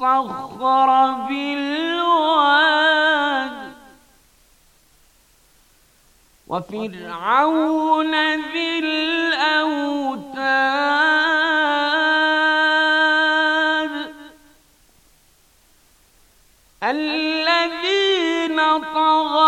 والصخر بالواد وفرعون ذي الأوتاد الذين طغوا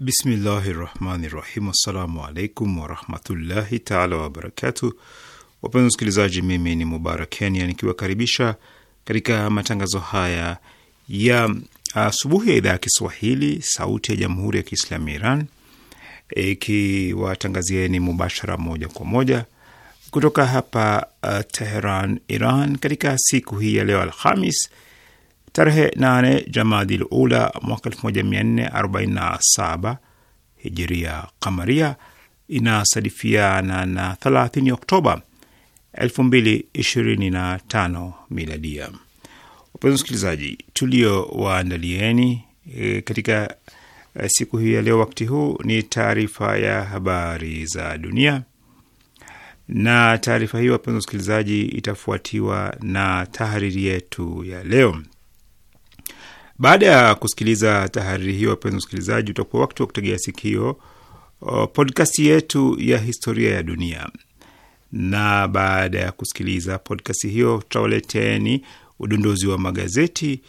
Bismillahi rahmani rahim. Assalamu alaikum warahmatullahi taala wabarakatu. Wapenzi wasikilizaji, mimi ni Mubarak Kenya nikiwakaribisha katika matangazo haya ya asubuhi ya idhaa ya Kiswahili sauti ya jamhuri ya Kiislamu ya Iran ikiwatangazieni mubashara moja kwa moja kutoka hapa uh, Teheran, Iran, katika siku hii ya leo Alhamis Tarehe 8 Jamadil Ula mwaka 1447 hijiria kamaria inasadifiana na 30 Oktoba 2025 miladia. Wapenzi msikilizaji, tulio waandalieni e, katika e, siku hii ya leo wakati huu ni taarifa ya habari za dunia, na taarifa hiyo wapenzi wasikilizaji, itafuatiwa na tahariri yetu ya leo. Baada ya kusikiliza tahariri hiyo, wapenzi msikilizaji, utakuwa wakati wa kutegea sikio uh, podkasti yetu ya historia ya dunia, na baada ya kusikiliza podkasti hiyo tutawaleteni udondozi wa magazeti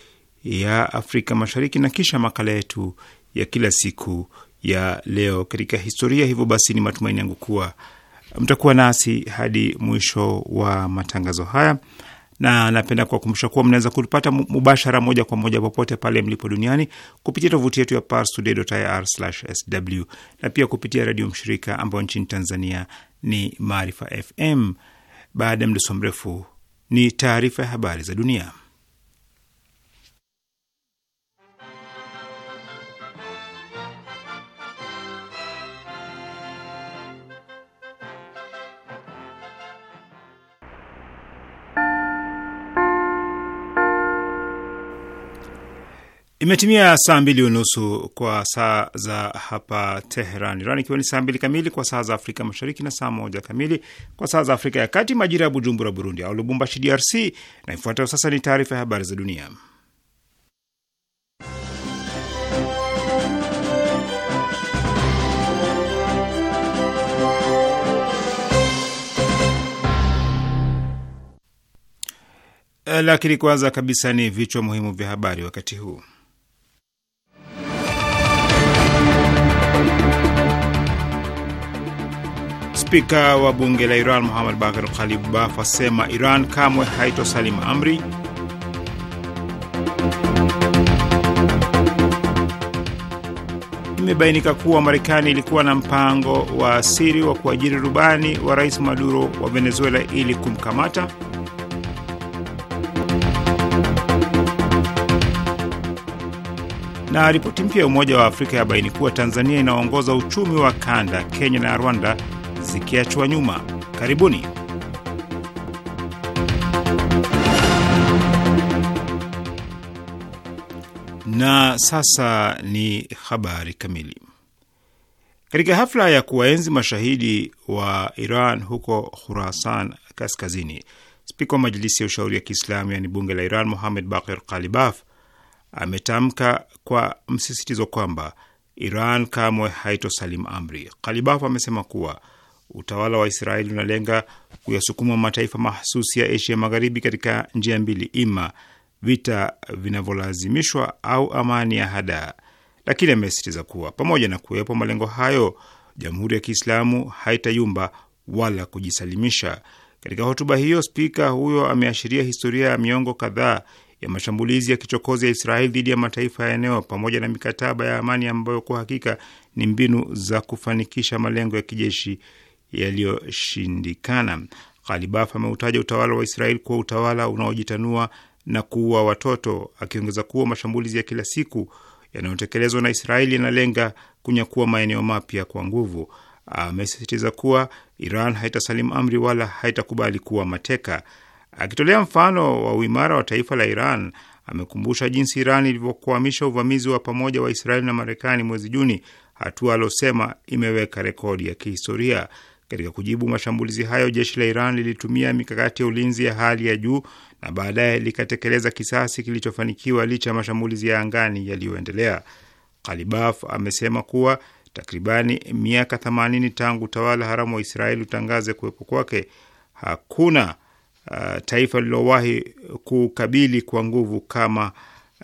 ya Afrika Mashariki na kisha makala yetu ya kila siku ya leo katika historia. Hivyo basi, ni matumaini yangu kuwa mtakuwa nasi hadi mwisho wa matangazo haya na napenda kuwakumbusha kuwa mnaweza kutupata mubashara moja kwa moja popote pale mlipo duniani kupitia tovuti yetu ya parstoday.ir/sw na pia kupitia redio mshirika ambayo nchini Tanzania ni Maarifa FM. Baada ya mdoso mrefu ni taarifa ya habari za dunia. Imetimia saa mbili unusu kwa saa za hapa Teheran, Iran, ikiwa ni saa mbili kamili kwa saa za Afrika Mashariki na saa moja kamili kwa saa za Afrika ya Kati, majira ya Bujumbura, Burundi, au Lubumbashi, DRC. Na ifuatayo sasa ni taarifa ya habari za dunia, lakini kwanza kabisa ni vichwa muhimu vya habari wakati huu. Spika wa bunge la Iran Muhammad Bakir Kalibaf asema Iran kamwe haitosalimu amri. Imebainika kuwa Marekani ilikuwa na mpango wa siri wa kuajiri rubani wa rais Maduro wa Venezuela ili kumkamata. Na ripoti mpya ya Umoja wa Afrika yabaini kuwa Tanzania inaongoza uchumi wa kanda. Kenya na Rwanda zikiachwa nyuma. Karibuni. Na sasa ni habari kamili. Katika hafla ya kuwaenzi mashahidi wa Iran huko Khurasan Kaskazini, spika wa Majlisi ya Ushauri ya Kiislamu, yaani bunge la Iran, Mohamed Bakir Kalibaf ametamka kwa msisitizo kwamba Iran kamwe haitosalim amri. Kalibaf amesema kuwa utawala wa Israeli unalenga kuyasukuma mataifa mahsusi ya Asia Magharibi katika njia mbili, ima vita vinavyolazimishwa au amani ya hadaa. Lakini amesisitiza kuwa pamoja na kuwepo malengo hayo, Jamhuri ya Kiislamu haitayumba wala kujisalimisha. Katika hotuba hiyo, spika huyo ameashiria historia ya miongo kadhaa ya mashambulizi ya kichokozi ya Israeli dhidi ya mataifa ya eneo pamoja na mikataba ya amani ambayo kwa hakika ni mbinu za kufanikisha malengo ya kijeshi yaliyoshindikana. Ghalibaf ameutaja utawala wa Israeli kuwa utawala unaojitanua na kuua watoto, akiongeza kuwa mashambulizi ya kila siku yanayotekelezwa na Israeli yanalenga kunyakua maeneo mapya kwa nguvu. Amesisitiza kuwa Iran haitasalimu amri wala haitakubali kuwa mateka. Akitolea mfano wa uimara wa taifa la Iran, amekumbusha jinsi Iran ilivyokwamisha uvamizi wa pamoja wa Israeli na Marekani mwezi Juni, hatua aliosema imeweka rekodi ya kihistoria. Katika kujibu mashambulizi hayo, jeshi la Iran lilitumia mikakati ya ulinzi ya hali ya juu na baadaye likatekeleza kisasi kilichofanikiwa licha ya mashambulizi ya angani yaliyoendelea. Kalibaf amesema kuwa takribani miaka 80 tangu utawala haramu wa Israeli utangaze kuwepo kwake, hakuna uh, taifa lililowahi kukabili kwa nguvu kama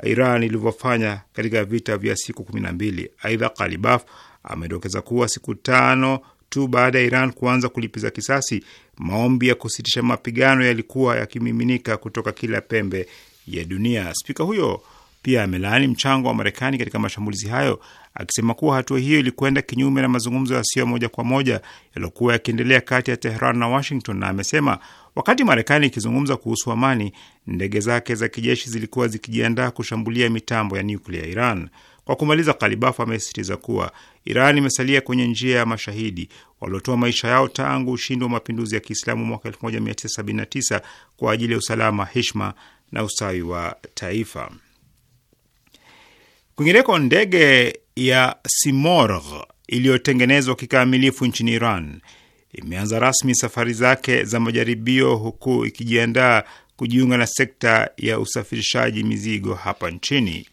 Iran ilivyofanya katika vita vya siku mbili. Aidha, Kalibaf amedokeza kuwa siku tano tu baada ya Iran kuanza kulipiza kisasi, maombi ya kusitisha mapigano yalikuwa yakimiminika kutoka kila pembe ya dunia. Spika huyo pia amelaani mchango wa Marekani katika mashambulizi hayo, akisema kuwa hatua hiyo ilikwenda kinyume na mazungumzo yasiyo moja kwa moja yaliyokuwa yakiendelea kati ya Tehran na Washington, na amesema wakati Marekani ikizungumza kuhusu amani, ndege zake za kijeshi zilikuwa zikijiandaa kushambulia mitambo ya nyuklia ya Iran. Kwa kumaliza, Kalibafu amesisitiza kuwa Iran imesalia kwenye njia ya mashahidi waliotoa maisha yao tangu ushindi wa mapinduzi ya Kiislamu mwaka 1979 kwa ajili ya usalama, heshima na ustawi wa taifa. Kwingineko, ndege ya Simorgh iliyotengenezwa kikamilifu nchini Iran imeanza rasmi safari zake za majaribio huku ikijiandaa kujiunga na sekta ya usafirishaji mizigo hapa nchini.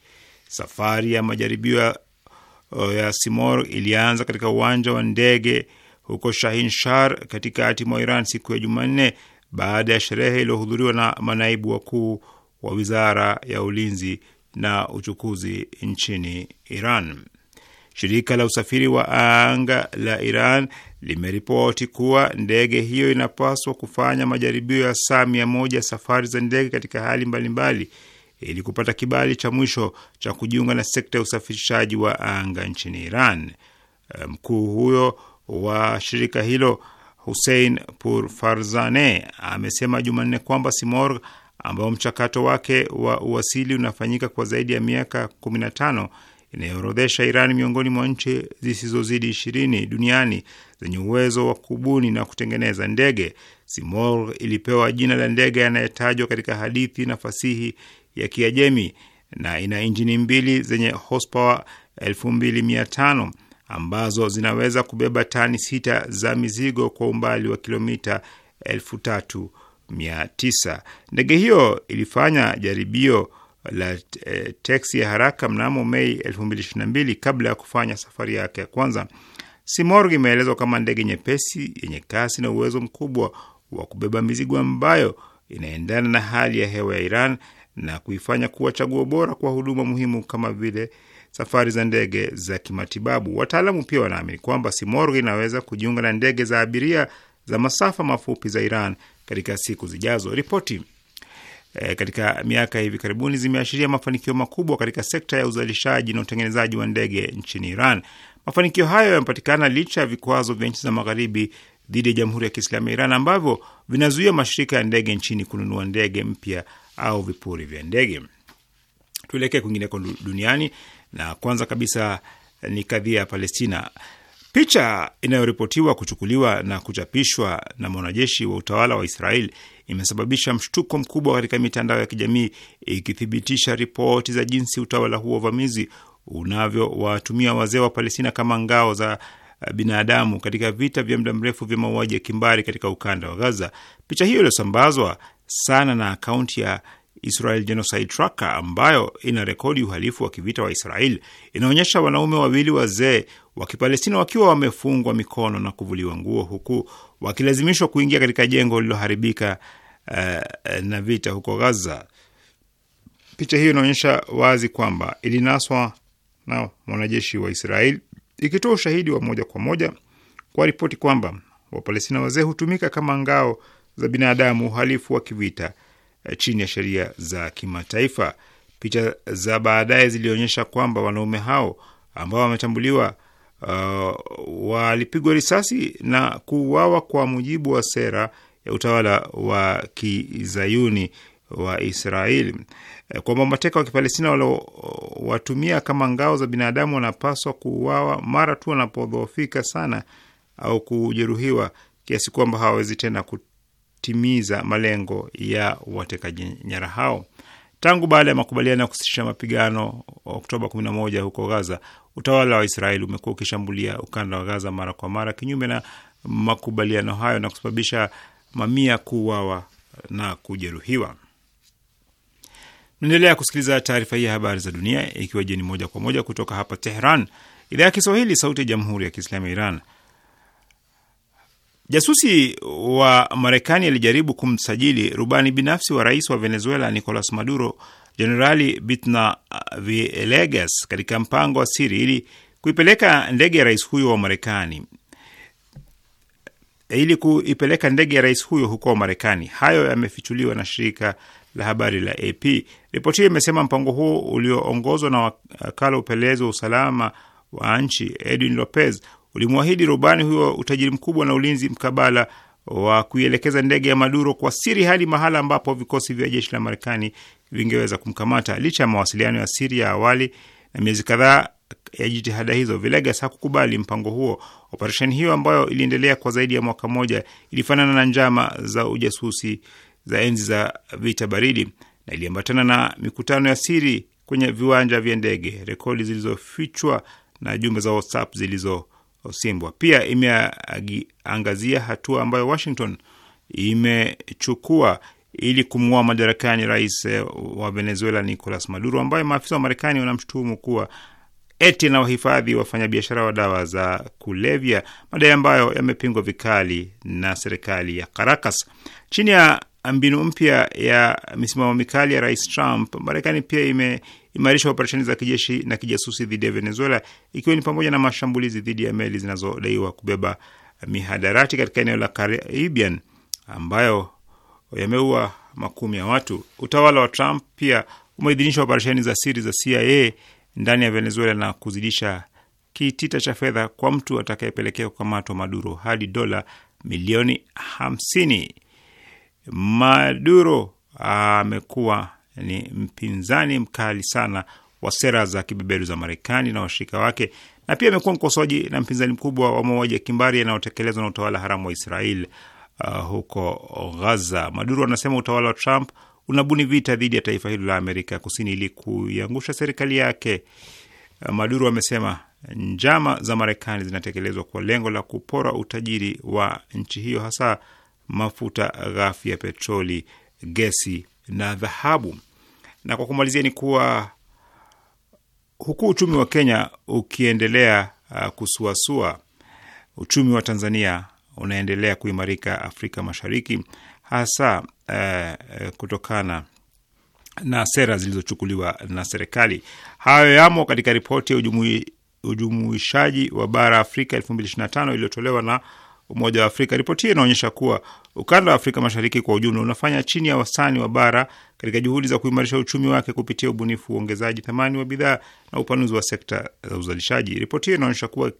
Safari ya majaribio ya, uh, ya Simor ilianza katika uwanja wa ndege huko Shahin Shar katikati mwa Iran siku ya Jumanne baada ya sherehe iliyohudhuriwa na manaibu wakuu wa wizara ya ulinzi na uchukuzi nchini Iran. Shirika la usafiri wa anga la Iran limeripoti kuwa ndege hiyo inapaswa kufanya majaribio ya saa mia moja safari za ndege katika hali mbalimbali mbali, ili kupata kibali cha mwisho cha kujiunga na sekta ya usafirishaji wa anga nchini Iran. Eh, mkuu huyo wa shirika hilo Hussein Farzane amesema Jumanne kwamba Simorg, ambao mchakato wake wa uwasili unafanyika kwa zaidi ya miaka 15 inayoorodhesha Iran miongoni mwa nchi zisizozidi ishirini duniani zenye uwezo wa kubuni na kutengeneza ndege. Simorg ilipewa jina la ndege anayetajwa katika hadithi na fasihi ya Kiajemi na ina injini mbili zenye horsepower 2500 ambazo zinaweza kubeba tani sita za mizigo kwa umbali wa kilomita 3900. Ndege hiyo ilifanya jaribio la e, teksi ya haraka mnamo Mei 2022 kabla ya kufanya safari yake ya kwanza. Simorgh imeelezwa kama ndege nyepesi yenye kasi na uwezo mkubwa wa kubeba mizigo ambayo inaendana na hali ya hewa ya Iran na kuifanya kuwa chaguo bora kwa huduma muhimu kama vile safari za ndege za kimatibabu. Wataalamu pia wanaamini kwamba Simorg inaweza kujiunga na ndege za abiria za masafa mafupi za Iran katika siku zijazo. Ripoti e, katika miaka hivi karibuni zimeashiria mafanikio makubwa katika sekta ya uzalishaji na utengenezaji wa ndege nchini Iran. Mafanikio hayo yamepatikana licha ya vikwazo vya nchi za magharibi dhidi ya Jamhuri ya Kiislamu ya Iran ambavyo vinazuia mashirika ya ndege nchini kununua ndege mpya au vipuri vya ndege. Tuelekee kwingineko duniani, na kwanza kabisa ni kadhia ya Palestina. Picha inayoripotiwa kuchukuliwa na kuchapishwa na mwanajeshi wa utawala wa Israel imesababisha mshtuko mkubwa katika mitandao ya kijamii ikithibitisha ripoti za jinsi utawala huo uvamizi unavyowatumia wazee wa Palestina kama ngao za eh, binadamu katika vita vya muda mrefu vya mauaji ya kimbari katika ukanda wa Gaza. Picha hiyo iliyosambazwa sana na akaunti ya Israel Genocide Tracker ambayo ina rekodi uhalifu wa kivita wa Israel inaonyesha wanaume wawili wazee wa Kipalestina wakiwa wamefungwa mikono na kuvuliwa nguo huku wakilazimishwa kuingia katika jengo lililoharibika uh, na vita huko Gaza. Picha hiyo inaonyesha wazi kwamba ilinaswa na mwanajeshi wa Israel, ikitoa ushahidi wa moja kwa moja kwa ripoti kwamba Wapalestina wazee hutumika kama ngao za binadamu, uhalifu wa kivita eh, chini ya sheria za kimataifa. Picha za baadaye zilionyesha kwamba wanaume hao ambao wametambuliwa uh, walipigwa risasi na kuuawa kwa mujibu wa sera ya utawala wa kizayuni wa Israeli eh, kwamba mateka wa Kipalestina waliowatumia uh, kama ngao za binadamu wanapaswa kuuawa mara tu wanapodhoofika sana au kujeruhiwa kiasi kwamba hawawezi tena kutimiza malengo ya watekaji nyara hao. Tangu baada ya makubaliano ya kusitisha mapigano Oktoba 11 huko Gaza, utawala wa Israeli umekuwa ukishambulia ukanda wa Gaza mara kwa mara kinyume na makubaliano hayo na kusababisha mamia kuuawa na kujeruhiwa. Naendelea kusikiliza taarifa hii ya habari za dunia, ikiwa jeni moja kwa moja kutoka hapa Tehran, idhaa ya Kiswahili, sauti ya jamhuri ya kiislamu ya Iran. Jasusi wa Marekani alijaribu kumsajili rubani binafsi wa rais wa Venezuela Nicolas Maduro, Jenerali vilegas katika mpango wa siri ili kuipeleka ndege ya rais huyo wa Marekani ili kuipeleka ndege ya rais huyo huko Marekani. Hayo yamefichuliwa na shirika la habari la AP. Ripoti hiyo imesema mpango huo ulioongozwa na wakala upelelezi wa usalama wa nchi Edwin Lopez ulimwahidi rubani huyo utajiri mkubwa na ulinzi mkabala wa kuielekeza ndege ya Maduro kwa siri hadi mahala ambapo vikosi vya jeshi la Marekani vingeweza kumkamata. Licha ya mawasiliano ya siri ya awali na miezi kadhaa ya jitihada hizo, Villegas hakukubali mpango huo. Operesheni hiyo ambayo iliendelea kwa zaidi ya mwaka mmoja ilifanana na njama za ujasusi za enzi za vita baridi na iliambatana na mikutano ya siri kwenye viwanja vya ndege, rekodi zilizofichwa na jumbe za WhatsApp zilizo Osimbwa. Pia imeangazia hatua ambayo Washington imechukua ili kumng'oa madarakani rais eh, wa Venezuela Nicolas Maduro, ambaye maafisa wa Marekani wanamshutumu kuwa eti na wahifadhi wafanyabiashara wa dawa za kulevya, madai ambayo yamepingwa vikali na serikali ya Caracas. Chini ya mbinu mpya ya misimamo mikali ya rais Trump, Marekani pia ime imairisha operesheni za kijeshi na kijasusi dhidi ya Venezuela, ikiwa ni pamoja na mashambulizi dhidi ya meli zinazodaiwa kubeba mihadarati katika eneo la Caribbean ambayo yameua makumi ya watu. Utawala wa Trump pia umeidhinisha operesheni za siri za CIA ndani ya Venezuela na kuzidisha kitita cha fedha kwa mtu atakayepelekea kukamatwa Maduro hadi dola milioni hamsini. Maduro amekuwa ni mpinzani mkali sana wa sera za kibeberu za Marekani na washirika wake, na pia amekuwa mkosoaji na mpinzani mkubwa wa mauaji ya kimbari yanayotekelezwa na utawala haramu wa Israel uh, huko Gaza. maduru anasema utawala wa Trump unabuni vita dhidi ya taifa hilo la Amerika Kusini ili kuiangusha serikali yake. Uh, maduru amesema njama za Marekani zinatekelezwa kwa lengo la kupora utajiri wa nchi hiyo, hasa mafuta ghafi ya petroli, gesi na dhahabu. Na kwa kumalizia ni kuwa huku uchumi wa Kenya ukiendelea uh, kusuasua, uchumi wa Tanzania unaendelea kuimarika Afrika Mashariki, hasa uh, uh kutokana na sera zilizochukuliwa na serikali. Hayo yamo katika ripoti ya ujumuishaji wa bara Afrika 2025 iliyotolewa na Umoja wa Afrika. Ripoti hiyo inaonyesha kuwa ukanda wa Afrika Mashariki kwa ujumla unafanya chini ya wastani wa bara katika juhudi za kuimarisha uchumi wake kupitia ubunifu, uongezaji thamani wa bidhaa na upanuzi wa sekta za uzalishaji. Ripoti hiyo inaonyesha kuwa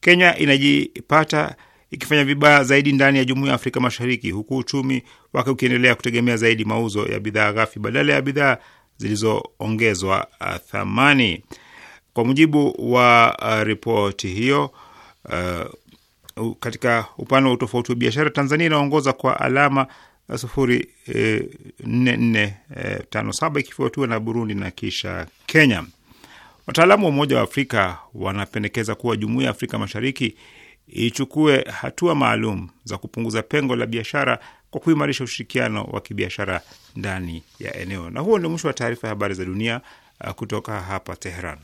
Kenya inajipata ikifanya vibaya zaidi ndani ya Jumuiya ya Afrika Mashariki, huku uchumi wake ukiendelea kutegemea zaidi mauzo ya bidhaa ghafi badala ya bidhaa zilizoongezwa uh, thamani. Kwa mujibu wa uh, ripoti hiyo, uh, katika upande wa utofauti wa biashara Tanzania inaongoza kwa alama eh, sufuri e, nne nne e, tano saba ikifuatiwa na Burundi na kisha Kenya. Wataalamu wa Umoja wa Afrika wanapendekeza kuwa Jumuiya ya Afrika Mashariki ichukue hatua maalum za kupunguza pengo la biashara kwa kuimarisha ushirikiano wa kibiashara ndani ya eneo. Na huo ndio mwisho wa taarifa ya habari za dunia kutoka hapa Tehran.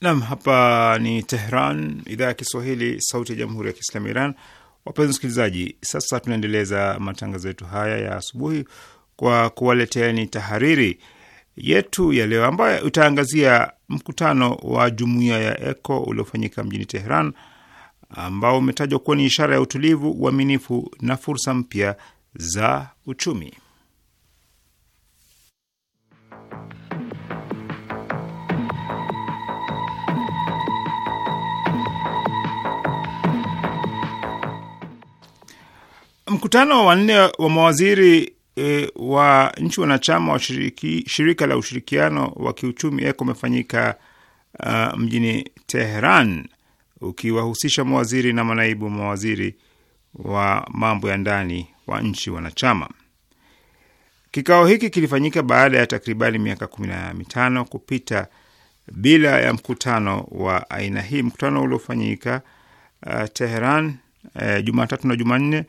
Nam, hapa ni Tehran, idhaa ya Kiswahili, sauti ya jamhuri ya kiislamu Iran. Wapenzi wasikilizaji, sasa tunaendeleza matangazo yetu haya ya asubuhi kwa kuwaleteani tahariri yetu ya leo ambayo itaangazia mkutano wa jumuiya ya ECO uliofanyika mjini Tehran, ambao umetajwa kuwa ni ishara ya utulivu, uaminifu na fursa mpya za uchumi. Mkutano wa nne wa mawaziri e, wa nchi wanachama wa shiriki, shirika la ushirikiano wa kiuchumi ECO umefanyika uh, mjini Teheran ukiwahusisha mawaziri na manaibu mawaziri wa mambo ya ndani wa nchi wanachama. Kikao hiki kilifanyika baada ya takribani miaka kumi na mitano kupita bila ya mkutano wa aina hii. Mkutano uliofanyika uh, Teheran uh, Jumatatu na Jumanne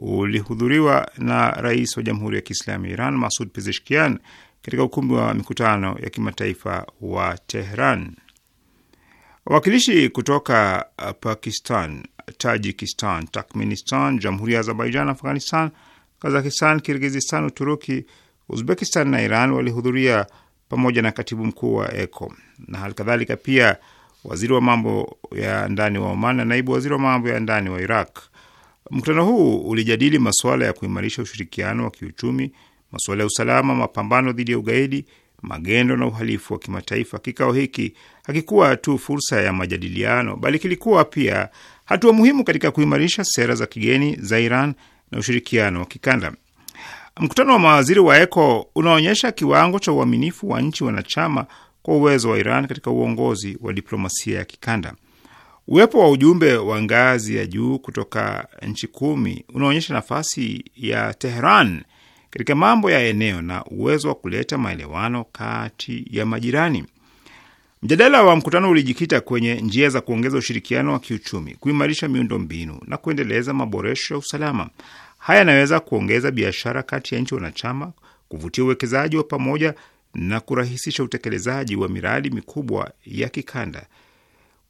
ulihudhuriwa na rais wa Jamhuri ya Kiislamu ya Iran Masud Pezeshkian katika ukumbi wa mikutano ya kimataifa wa Tehran. Wawakilishi kutoka uh, Pakistan, Tajikistan, Turkmenistan, Jamhuri ya Azerbaijan, Afghanistan, Kazakistan, Kirgizistan, Uturuki, Uzbekistan na Iran walihudhuria pamoja na katibu mkuu wa ECO na hali kadhalika pia waziri wa mambo ya ndani wa Oman na naibu waziri wa mambo ya ndani wa Iraq. Mkutano huu ulijadili masuala ya kuimarisha ushirikiano wa kiuchumi, masuala ya usalama, mapambano dhidi ya ugaidi, magendo na uhalifu wa kimataifa. Kikao hiki hakikuwa tu fursa ya majadiliano, bali kilikuwa pia hatua muhimu katika kuimarisha sera za kigeni za Iran na ushirikiano wa kikanda. Mkutano wa mawaziri wa ECO unaonyesha kiwango cha uaminifu wa nchi wanachama kwa uwezo wa Iran katika uongozi wa diplomasia ya kikanda. Uwepo wa ujumbe wa ngazi ya juu kutoka nchi kumi unaonyesha nafasi ya Teheran katika mambo ya eneo na uwezo wa kuleta maelewano kati ya majirani. Mjadala wa mkutano ulijikita kwenye njia za kuongeza ushirikiano wa kiuchumi, kuimarisha miundo mbinu na kuendeleza maboresho ya usalama. Haya yanaweza kuongeza biashara kati ya nchi wanachama, kuvutia uwekezaji wa pamoja na kurahisisha utekelezaji wa miradi mikubwa ya kikanda.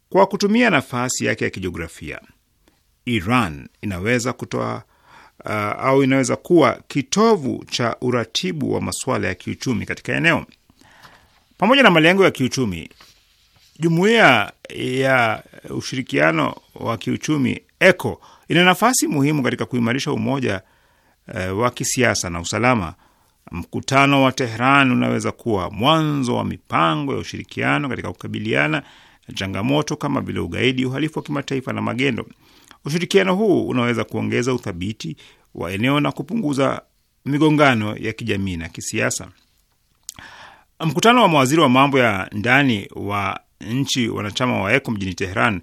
Kwa kutumia nafasi yake ya kijiografia, Iran inaweza kutoa uh, au inaweza kuwa kitovu cha uratibu wa masuala ya kiuchumi katika eneo. Pamoja na malengo ya kiuchumi, jumuiya ya ushirikiano wa kiuchumi ECO ina nafasi muhimu katika kuimarisha umoja uh, wa kisiasa na usalama. Mkutano wa Tehran unaweza kuwa mwanzo wa mipango ya ushirikiano katika kukabiliana changamoto kama vile ugaidi, uhalifu wa kimataifa na magendo. Ushirikiano huu unaweza kuongeza uthabiti wa eneo na kupunguza migongano ya kijamii na kisiasa. Mkutano wa mawaziri wa mambo ya ndani wa nchi wanachama wa ECO mjini Tehran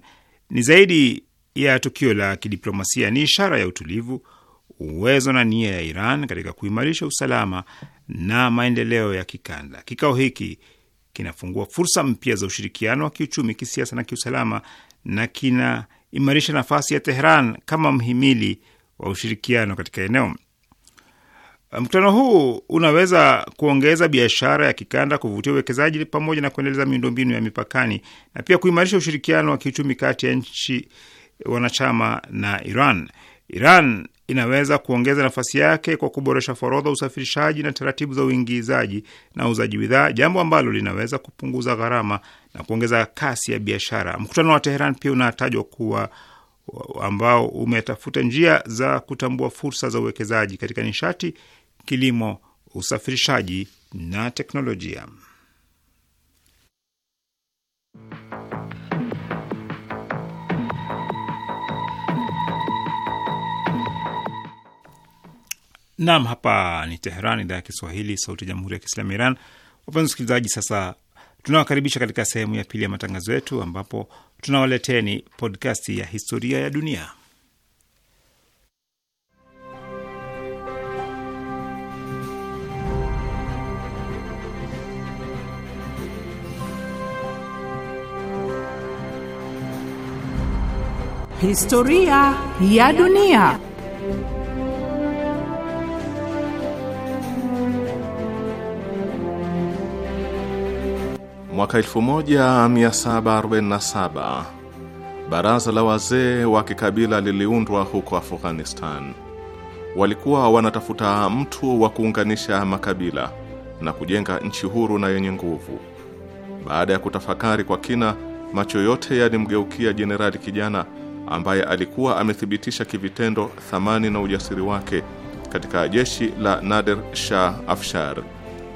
ni zaidi ya tukio la kidiplomasia, ni ishara ya utulivu, uwezo na nia ya Iran katika kuimarisha usalama na maendeleo ya kikanda. Kikao hiki kinafungua fursa mpya za ushirikiano wa kiuchumi, kisiasa na kiusalama na kinaimarisha nafasi ya Tehran kama mhimili wa ushirikiano katika eneo. Mkutano huu unaweza kuongeza biashara ya kikanda, kuvutia uwekezaji pamoja na kuendeleza miundombinu ya mipakani na pia kuimarisha ushirikiano wa kiuchumi kati ya nchi wanachama na Iran. Iran inaweza kuongeza nafasi yake kwa kuboresha forodha, usafirishaji na taratibu za uingizaji na uuzaji bidhaa, jambo ambalo linaweza kupunguza gharama na kuongeza kasi ya biashara. Mkutano wa Teheran pia unatajwa kuwa ambao umetafuta njia za kutambua fursa za uwekezaji katika nishati, kilimo, usafirishaji na teknolojia. Nam, hapa ni Teheran, idhaa ya Kiswahili, sauti ya jamhuri ya kiislamu Iran. Wapenzi wasikilizaji, sasa tunawakaribisha katika sehemu ya pili ya matangazo yetu, ambapo tunawaleteni podkasti ya historia ya dunia. Historia ya dunia. Mwaka 1747 baraza la wazee wa kikabila liliundwa huko Afghanistan. Walikuwa wanatafuta mtu wa kuunganisha makabila na kujenga nchi huru na yenye nguvu. Baada ya kutafakari kwa kina, macho yote yalimgeukia jenerali kijana ambaye alikuwa amethibitisha kivitendo thamani na ujasiri wake katika jeshi la Nader Shah Afshar,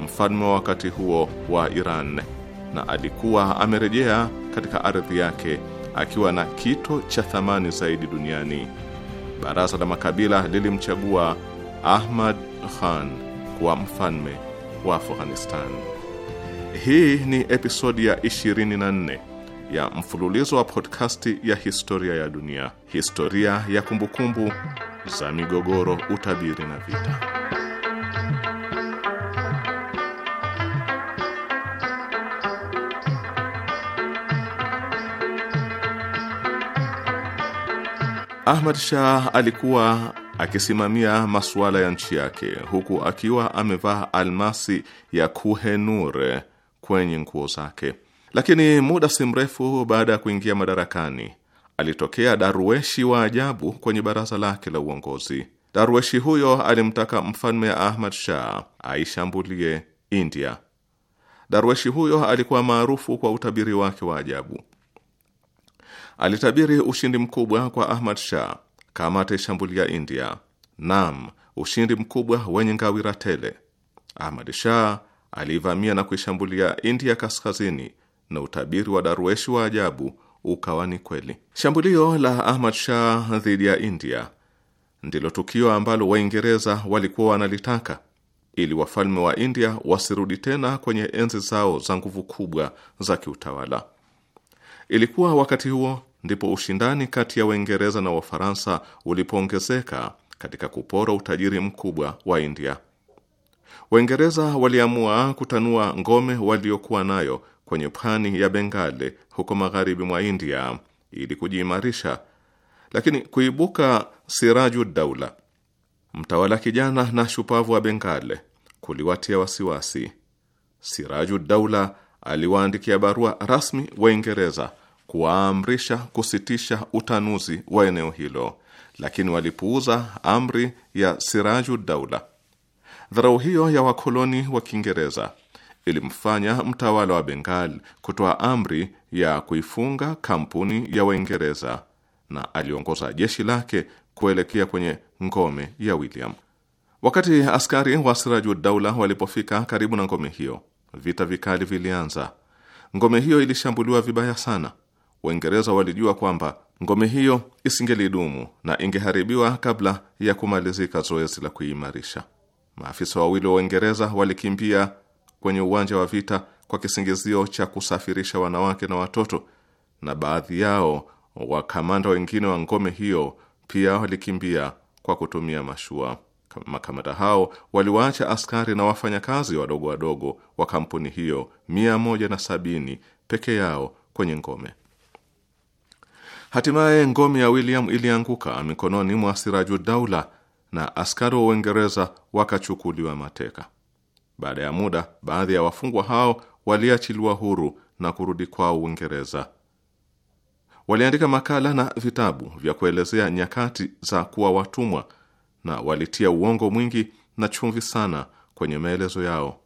mfalme wa wakati huo wa Iran na alikuwa amerejea katika ardhi yake akiwa na kito cha thamani zaidi duniani. Baraza la makabila lilimchagua Ahmad Khan kuwa mfalme wa Afghanistan. Hii ni episodi ya 24 ya mfululizo wa podkasti ya historia ya dunia, historia ya kumbukumbu za migogoro, utabiri na vita. Ahmad Shah alikuwa akisimamia masuala ya nchi yake huku akiwa amevaa almasi ya kuhenure kwenye nguo zake, lakini muda si mrefu baada ya kuingia madarakani alitokea darueshi wa ajabu kwenye baraza lake la uongozi. Darueshi huyo alimtaka mfalme Ahmad Shah aishambulie India. Darueshi huyo alikuwa maarufu kwa utabiri wake wa ajabu. Alitabiri ushindi mkubwa kwa Ahmad Shah kama ataishambulia India. Naam, ushindi mkubwa wenye ngawira tele. Ahmad Shah aliivamia na kuishambulia India kaskazini, na utabiri wa Darweshi wa ajabu ukawa ni kweli. Shambulio la Ahmad Shah dhidi ya India ndilo tukio ambalo Waingereza walikuwa wanalitaka ili wafalme wa India wasirudi tena kwenye enzi zao za nguvu kubwa za kiutawala. Ilikuwa wakati huo ndipo ushindani kati ya Waingereza na Wafaransa ulipoongezeka katika kupora utajiri mkubwa wa India. Waingereza waliamua kutanua ngome waliokuwa nayo kwenye pwani ya Bengale huko magharibi mwa India ili kujiimarisha, lakini kuibuka Siraju Daula, mtawala kijana na shupavu wa Bengale, kuliwatia wasiwasi. Siraju Daula aliwaandikia barua rasmi Waingereza kuwaamrisha kusitisha utanuzi wa eneo hilo, lakini walipuuza amri ya Siraju Daula. Dharau hiyo ya wakoloni wa Kiingereza ilimfanya mtawala wa Bengal kutoa amri ya kuifunga kampuni ya Waingereza na aliongoza jeshi lake kuelekea kwenye ngome ya William. Wakati askari wa Siraju Daula walipofika karibu na ngome hiyo vita vikali vilianza. Ngome hiyo ilishambuliwa vibaya sana. Waingereza walijua kwamba ngome hiyo isingelidumu na ingeharibiwa kabla ya kumalizika zoezi la kuimarisha. Maafisa wawili wa Uingereza walikimbia kwenye uwanja wa vita kwa kisingizio cha kusafirisha wanawake na watoto, na baadhi yao wakamanda wengine wa ngome hiyo pia walikimbia kwa kutumia mashua. Makamanda hao waliwaacha askari na wafanyakazi wadogo wadogo wa kampuni hiyo mia moja na sabini peke yao kwenye ngome. Hatimaye ngome ya William ilianguka mikononi mwa daula na askari wa Uingereza wakachukuliwa mateka. Baada ya muda, baadhi ya wafungwa hao waliachiliwa huru na kurudi kwao Uingereza. Waliandika makala na vitabu vya kuelezea nyakati za kuwa watumwa na walitia uongo mwingi na chumvi sana kwenye maelezo yao.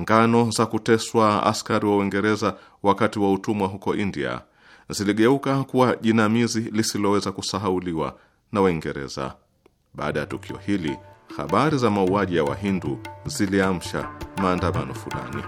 Ngano za kuteswa askari wa Uingereza wakati wa utumwa huko India ziligeuka kuwa jinamizi lisiloweza kusahauliwa na Waingereza. Baada ya tukio hili, habari za mauaji ya Wahindu ziliamsha maandamano fulani.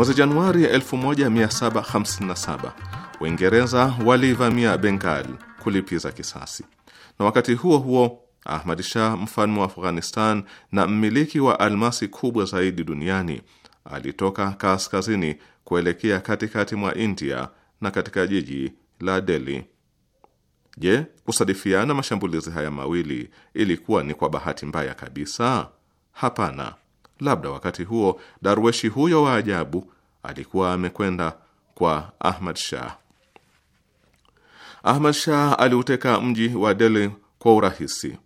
Mwezi Januari 1757 Waingereza waliivamia Bengal kulipiza kisasi, na wakati huo huo Ahmad Shah, mfalme wa Afghanistan na mmiliki wa almasi kubwa zaidi duniani, alitoka kaskazini kuelekea katikati mwa India na katika jiji la Delhi. Je, kusadifiana mashambulizi haya mawili ilikuwa ni kwa bahati mbaya kabisa? Hapana, Labda wakati huo darweshi huyo wa ajabu alikuwa amekwenda kwa Ahmad Shah. Ahmad Shah aliuteka mji wa Delhi kwa urahisi,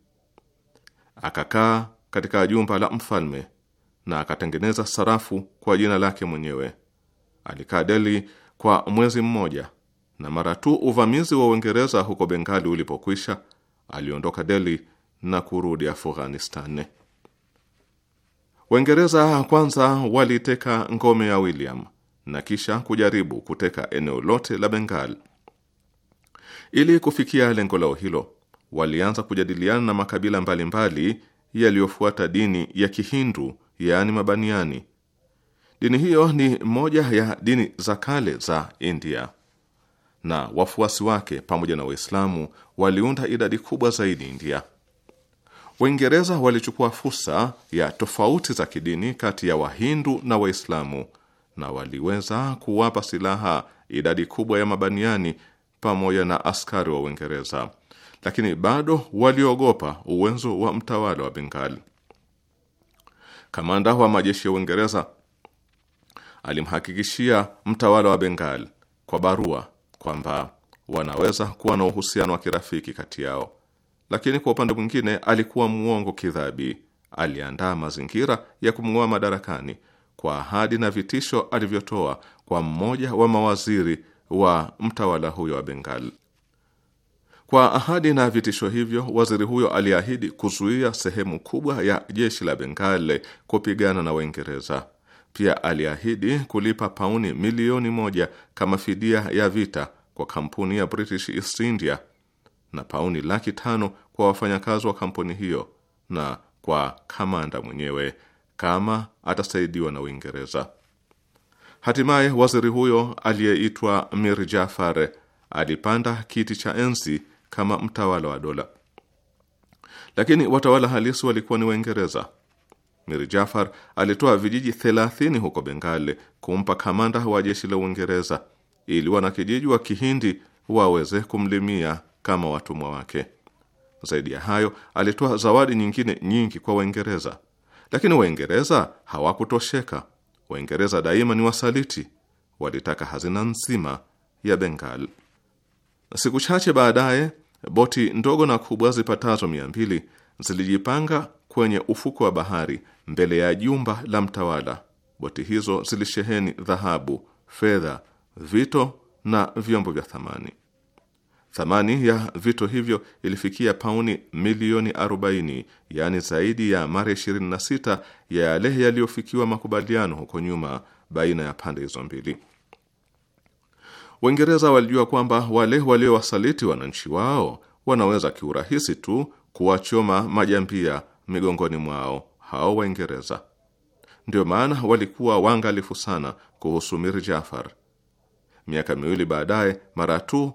akakaa katika jumba la mfalme na akatengeneza sarafu kwa jina lake mwenyewe. Alikaa Delhi kwa mwezi mmoja, na mara tu uvamizi wa Uingereza huko Bengali ulipokwisha, aliondoka Delhi na kurudi Afghanistan. Waingereza kwanza waliteka ngome ya William na kisha kujaribu kuteka eneo lote la Bengal. Ili kufikia lengo lao hilo, walianza kujadiliana na makabila mbalimbali yaliyofuata dini ya Kihindu, yaani Mabaniani. Dini hiyo ni moja ya dini za kale za India, na wafuasi wake pamoja na Waislamu waliunda idadi kubwa zaidi India. Waingereza walichukua fursa ya tofauti za kidini kati ya Wahindu na Waislamu na waliweza kuwapa silaha idadi kubwa ya mabaniani pamoja na askari wa Uingereza, lakini bado waliogopa uwezo wa mtawala wa Bengali. Kamanda wa majeshi ya Uingereza alimhakikishia mtawala wa Bengali kwa barua kwamba wanaweza kuwa na uhusiano wa kirafiki kati yao lakini kwa upande mwingine alikuwa mwongo kidhabi. Aliandaa mazingira ya kumng'oa madarakani kwa ahadi na vitisho alivyotoa kwa mmoja wa mawaziri wa mtawala huyo wa Bengal. Kwa ahadi na vitisho hivyo, waziri huyo aliahidi kuzuia sehemu kubwa ya jeshi la Bengal kupigana na Waingereza. Pia aliahidi kulipa pauni milioni moja kama fidia ya vita kwa kampuni ya British East India na pauni laki tano kwa wafanyakazi wa kampuni hiyo na kwa kamanda mwenyewe kama atasaidiwa na Uingereza. Hatimaye waziri huyo aliyeitwa Mir Jafar alipanda kiti cha enzi kama mtawala wa dola, lakini watawala halisi walikuwa ni Waingereza. Mir Jafar alitoa vijiji thelathini huko bengale kumpa kamanda wa jeshi la Uingereza ili wanakijiji wa Kihindi waweze kumlimia kama watumwa wake. Zaidi ya hayo, alitoa zawadi nyingine nyingi kwa Waingereza, lakini Waingereza hawakutosheka. Waingereza daima ni wasaliti, walitaka hazina nzima ya Bengal. Siku chache baadaye, boti ndogo na kubwa zipatazo mia mbili zilijipanga kwenye ufuko wa bahari mbele ya jumba la mtawala. Boti hizo zilisheheni dhahabu, fedha, vito na vyombo vya thamani. Thamani ya vito hivyo ilifikia pauni milioni 40, yaani zaidi ya mara 26 ya yale yaliyofikiwa makubaliano huko nyuma baina ya pande hizo mbili. Waingereza walijua kwamba wale waliowasaliti wananchi wao wanaweza kiurahisi tu kuwachoma majambia migongoni mwao hao Waingereza. Ndio maana walikuwa waangalifu sana kuhusu Mir Jafar. Miaka miwili baadaye, mara tu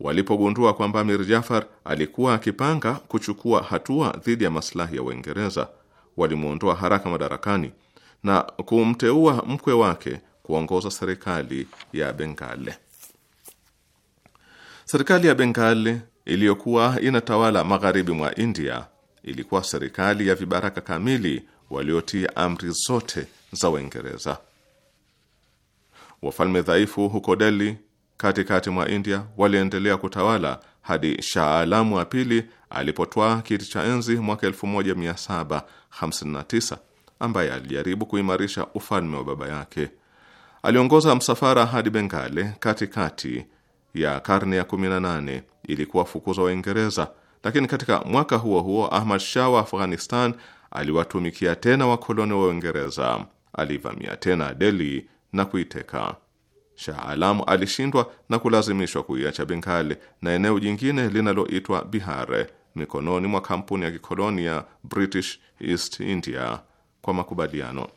walipogundua kwamba Mir Jafar alikuwa akipanga kuchukua hatua dhidi ya maslahi ya Uingereza, walimwondoa haraka madarakani na kumteua mkwe wake kuongoza serikali ya Bengale. Serikali ya Bengale iliyokuwa inatawala magharibi mwa India ilikuwa serikali ya vibaraka kamili waliotia amri zote za Uingereza. Wafalme dhaifu huko Delhi katikati mwa India waliendelea kutawala hadi Shah Alam wa pili alipotwaa kiti cha enzi mwaka 1759, ambaye alijaribu kuimarisha ufalme wa baba yake. Aliongoza msafara hadi Bengale katikati ya karne ya 18 ili kuwafukuza Waingereza, lakini katika mwaka huo huo Ahmad Shah wa Afghanistan aliwatumikia tena wakoloni wa Uingereza. Alivamia tena Delhi na kuiteka. Shah Alam alishindwa na kulazimishwa kuiacha Bengali na eneo jingine linaloitwa Bihar mikononi mwa kampuni ya kikoloni ya British East India kwa makubaliano.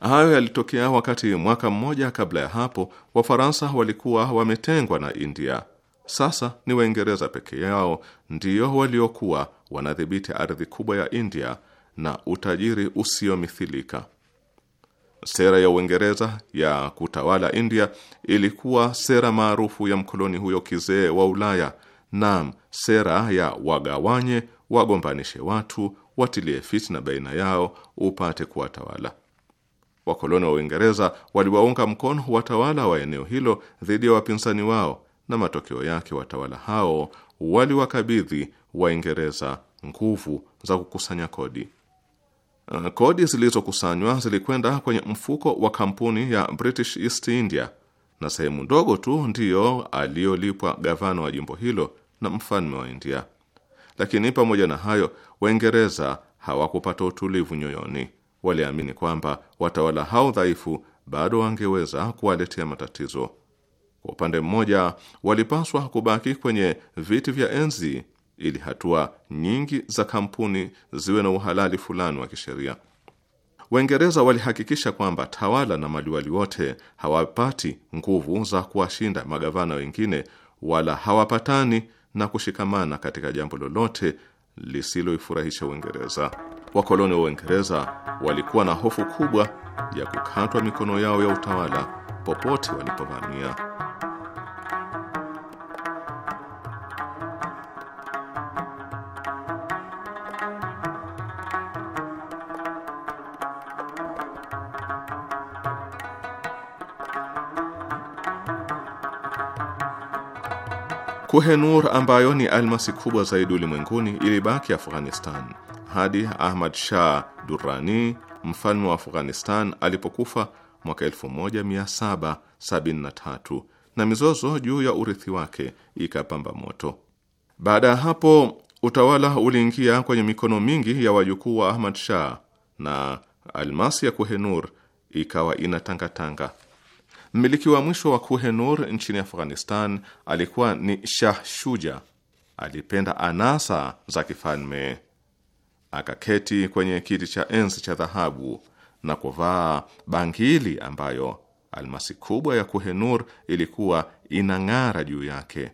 Hayo yalitokea wakati mwaka mmoja kabla ya hapo Wafaransa walikuwa wametengwa na India. Sasa ni Waingereza peke yao ndiyo waliokuwa wanadhibiti ardhi kubwa ya India na utajiri usiomithilika. Sera ya Uingereza ya kutawala India ilikuwa sera maarufu ya mkoloni huyo kizee wa Ulaya. Naam, sera ya wagawanye, wagombanishe watu, watilie fitna baina yao, upate kuwatawala. Wakoloni wa Uingereza waliwaunga mkono watawala wa eneo hilo dhidi ya wapinzani wao, na matokeo yake watawala hao waliwakabidhi Waingereza nguvu za kukusanya kodi. Uh, kodi zilizokusanywa zilikwenda kwenye mfuko wa kampuni ya British East India na sehemu ndogo tu ndiyo aliyolipwa gavana wa jimbo hilo na mfalme wa India. Lakini pamoja na hayo, Waingereza hawakupata utulivu nyoyoni. Waliamini kwamba watawala hao dhaifu bado wangeweza kuwaletea matatizo. Kwa upande mmoja, walipaswa kubaki kwenye viti vya enzi ili hatua nyingi za kampuni ziwe na uhalali fulani wa kisheria. Waingereza walihakikisha kwamba tawala na maliwali wote hawapati nguvu za kuwashinda magavana wengine wala hawapatani na kushikamana katika jambo lolote lisiloifurahisha Uingereza. Wakoloni wa Uingereza walikuwa na hofu kubwa ya kukatwa mikono yao ya utawala popote walipovamia. Kuhe Nur ambayo ni almasi kubwa zaidi ulimwenguni ilibaki Afghanistan hadi Ahmad Shah Durrani, mfalme wa Afghanistan, alipokufa mwaka 1773 na mizozo juu ya urithi wake ikapamba moto. Baada ya hapo, utawala uliingia kwenye mikono mingi ya wajukuu wa Ahmad Shah na almasi ya Kuhenur ikawa inatangatanga. Mmiliki wa mwisho wa Kuhenur nchini Afghanistan alikuwa ni Shah Shuja. Alipenda anasa za kifalme, akaketi kwenye kiti cha enzi cha dhahabu na kuvaa bangili ambayo almasi kubwa ya Kuhenur ilikuwa inang'ara juu yake.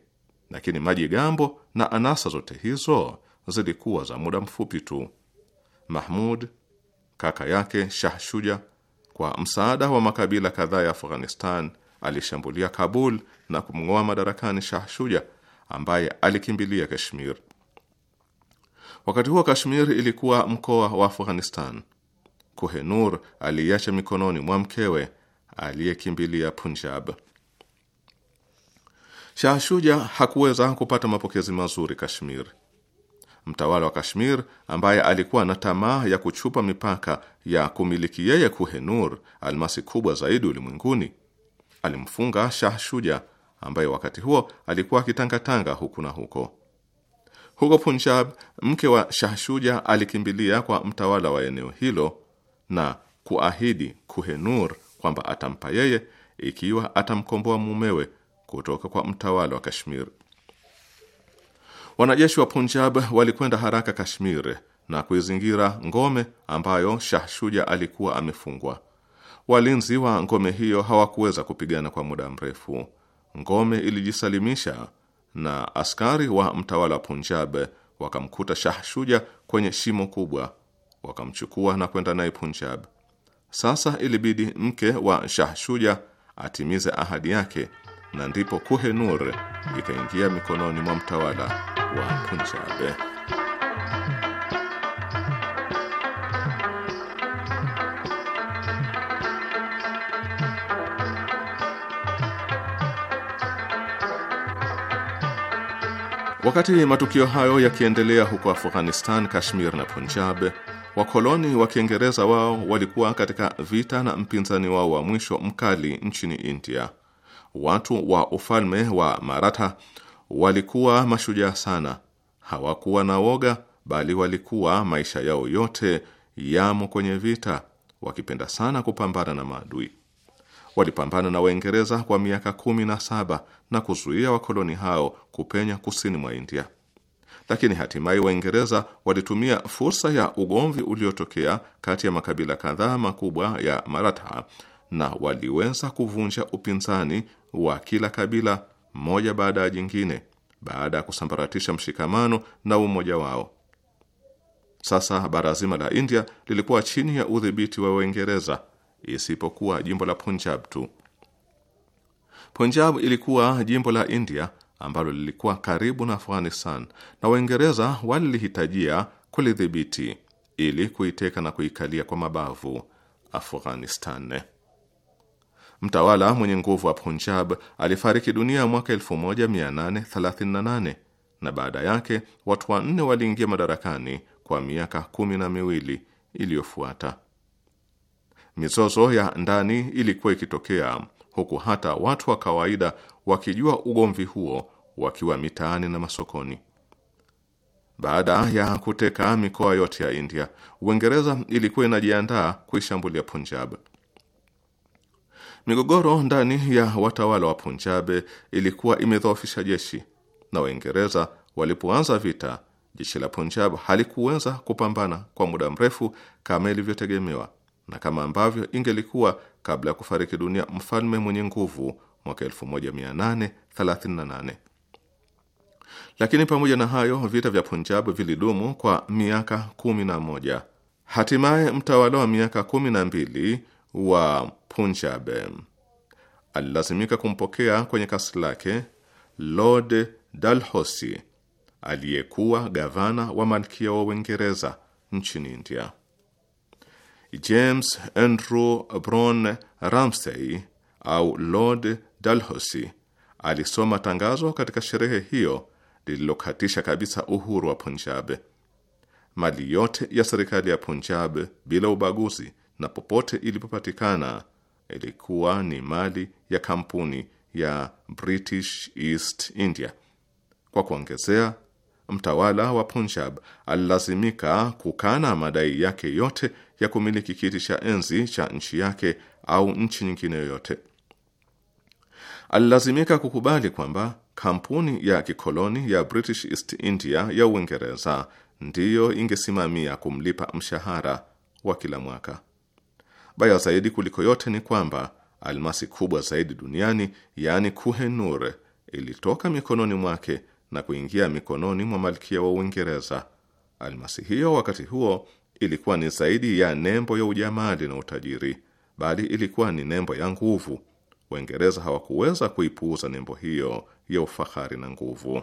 Lakini majigambo na anasa zote hizo zilikuwa za muda mfupi tu. Mahmud kaka yake Shah Shuja kwa msaada wa makabila kadhaa ya Afghanistan alishambulia Kabul na kumng'oa madarakani Shah Shuja ambaye alikimbilia Kashmir. Wakati huo Kashmir ilikuwa mkoa wa Afghanistan. Kohenur aliiacha mikononi mwa mkewe aliyekimbilia Punjab. Shah Shuja hakuweza kupata mapokezi mazuri Kashmir mtawala wa Kashmir ambaye alikuwa na tamaa ya kuchupa mipaka ya kumiliki yeye Kuhenur, almasi kubwa zaidi ulimwenguni, alimfunga Shah Shuja ambaye wakati huo alikuwa akitangatanga huku na huko. Huko Punjab, mke wa Shah Shuja alikimbilia kwa mtawala wa eneo hilo na kuahidi Kuhenur kwamba atampa yeye ikiwa atamkomboa mumewe kutoka kwa mtawala wa Kashmir. Wanajeshi wa Punjab walikwenda haraka Kashmir na kuizingira ngome ambayo Shah Shuja alikuwa amefungwa. Walinzi wa ngome hiyo hawakuweza kupigana kwa muda mrefu. Ngome ilijisalimisha na askari wa mtawala wa Punjab wakamkuta Shah Shuja kwenye shimo kubwa, wakamchukua na kwenda naye Punjab. Sasa ilibidi mke wa Shah Shuja atimize ahadi yake na ndipo kuhe Nur ikaingia mikononi mwa mtawala wa Punjab. Wakati matukio hayo yakiendelea huko Afghanistan, Kashmir na Punjab, wakoloni wa Kiingereza wao walikuwa katika vita na mpinzani wao wa mwisho mkali nchini India. Watu wa ufalme wa Maratha walikuwa mashujaa sana, hawakuwa na woga, bali walikuwa maisha yao yote yamo kwenye vita, wakipenda sana kupambana na maadui. Walipambana na Waingereza kwa miaka kumi na saba na kuzuia wakoloni hao kupenya kusini mwa India, lakini hatimaye Waingereza walitumia fursa ya ugomvi uliotokea kati ya makabila kadhaa makubwa ya Maratha na waliweza kuvunja upinzani wa kila kabila moja baada ya jingine, baada ya kusambaratisha mshikamano na umoja wao. Sasa bara zima la India lilikuwa chini ya udhibiti wa Uingereza isipokuwa jimbo la Punjab tu. Punjab ilikuwa jimbo la India ambalo lilikuwa karibu na Afghanistan na Waingereza walilihitajia kulidhibiti ili kuiteka na kuikalia kwa mabavu Afghanistan. Mtawala mwenye nguvu wa Punjab alifariki dunia mwaka 1838 na baada yake watu wanne waliingia madarakani kwa miaka kumi na miwili iliyofuata. Mizozo ya ndani ilikuwa ikitokea huku hata watu wa kawaida wakijua ugomvi huo wakiwa mitaani na masokoni. Baada ya kuteka mikoa yote ya India, Uingereza ilikuwa inajiandaa kuishambulia Punjab. Migogoro ndani ya watawala wa Punjabe ilikuwa imedhoofisha jeshi, na Waingereza walipoanza vita, jeshi la Punjab halikuweza kupambana kwa muda mrefu kama ilivyotegemewa na kama ambavyo ingelikuwa kabla ya kufariki dunia mfalme mwenye nguvu mwaka 1838. Lakini pamoja na hayo, vita vya Punjab vilidumu kwa miaka kumi na moja. Hatimaye mtawala wa miaka kumi na mbili wa Punjab. Alilazimika kumpokea kwenye kasi lake Lord dalhosi aliyekuwa gavana wa malkia wa Uingereza nchini India. James Andrew Brown Ramsay au Lord dalhosi alisoma tangazo katika sherehe hiyo lililokatisha kabisa uhuru wa Punjab. Mali yote ya serikali ya Punjab bila ubaguzi na popote ilipopatikana ilikuwa ni mali ya kampuni ya British East India. Kwa kuongezea, mtawala wa Punjab alilazimika kukana madai yake yote ya kumiliki kiti cha enzi cha nchi yake au nchi nyingine yoyote. Alilazimika kukubali kwamba kampuni ya kikoloni ya British East India ya Uingereza ndiyo ingesimamia kumlipa mshahara wa kila mwaka. Baya zaidi kuliko yote ni kwamba almasi kubwa zaidi duniani, yaani Kuhe Nur, ilitoka mikononi mwake na kuingia mikononi mwa malkia wa Uingereza. Almasi hiyo wakati huo ilikuwa ni zaidi ya nembo ya ujamali na utajiri, bali ilikuwa ni nembo ya nguvu. Waingereza hawakuweza kuipuuza nembo hiyo ya ufahari na nguvu.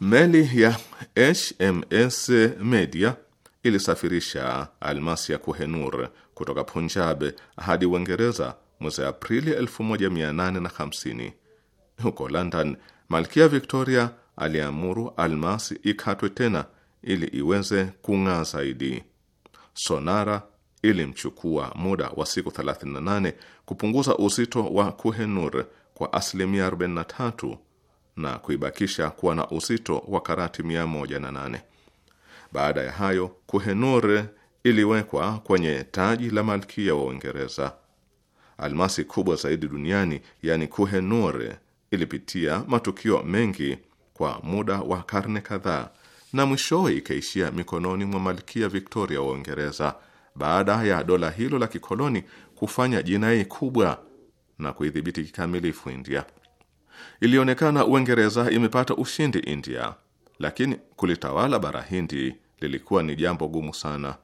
Meli ya HMS Media ilisafirisha almasi ya Kuhenur kutoka Punjab hadi Uingereza mwezi Aprili 1850. Huko London, Malkia Victoria aliamuru almasi ikatwe tena ili iweze kung'aa zaidi. Sonara ilimchukua muda wa siku 38 kupunguza uzito wa Kuhenur kwa asilimia 43 na kuibakisha kuwa na uzito wa karati 108. Baada ya hayo, kuhenure iliwekwa kwenye taji la malkia wa Uingereza. Almasi kubwa zaidi duniani, yaani kuhenure, ilipitia matukio mengi kwa muda wa karne kadhaa na mwishowe ikaishia mikononi mwa malkia Victoria wa Uingereza baada ya dola hilo la kikoloni kufanya jinai kubwa na kuidhibiti kikamilifu India. Ilionekana Uingereza imepata ushindi India, lakini kulitawala bara Hindi lilikuwa ni jambo gumu sana.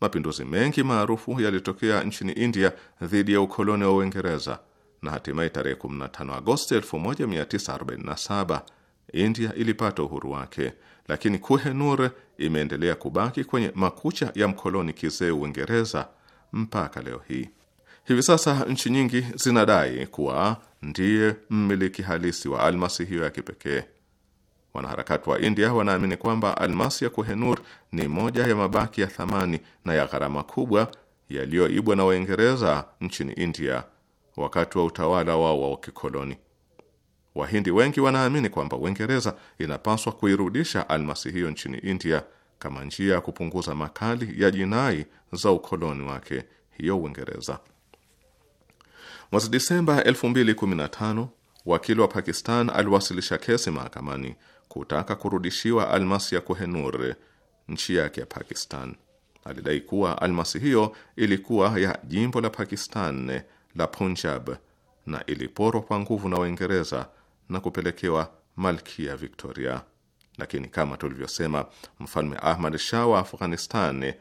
Mapinduzi mengi maarufu yalitokea nchini India dhidi ya ukoloni wa Uingereza na hatimaye tarehe 15 Agosti 1947 India ilipata uhuru wake, lakini kuhenure imeendelea kubaki kwenye makucha ya mkoloni kizee Uingereza mpaka leo hii. Hivi sasa nchi nyingi zinadai kuwa ndiye mmiliki halisi wa almasi hiyo ya kipekee. Wanaharakati wa India wanaamini kwamba almasi ya kuhenur ni moja ya mabaki ya thamani na ya gharama kubwa yaliyoibwa na Waingereza nchini India wakati wa utawala wao wa kikoloni. Wahindi wengi wanaamini kwamba Uingereza inapaswa kuirudisha almasi hiyo nchini India kama njia ya kupunguza makali ya jinai za ukoloni wake hiyo Uingereza. Mwezi Disemba 2015 wakili wa Pakistan aliwasilisha kesi mahakamani kutaka kurudishiwa almasi ya Kohenur nchi yake ya Pakistan. Alidai kuwa almasi hiyo ilikuwa ya jimbo la Pakistan la Punjab na iliporwa kwa nguvu na Waingereza na kupelekewa Malkia Victoria. Lakini kama tulivyosema, Mfalme Ahmad Shah wa Afghanistan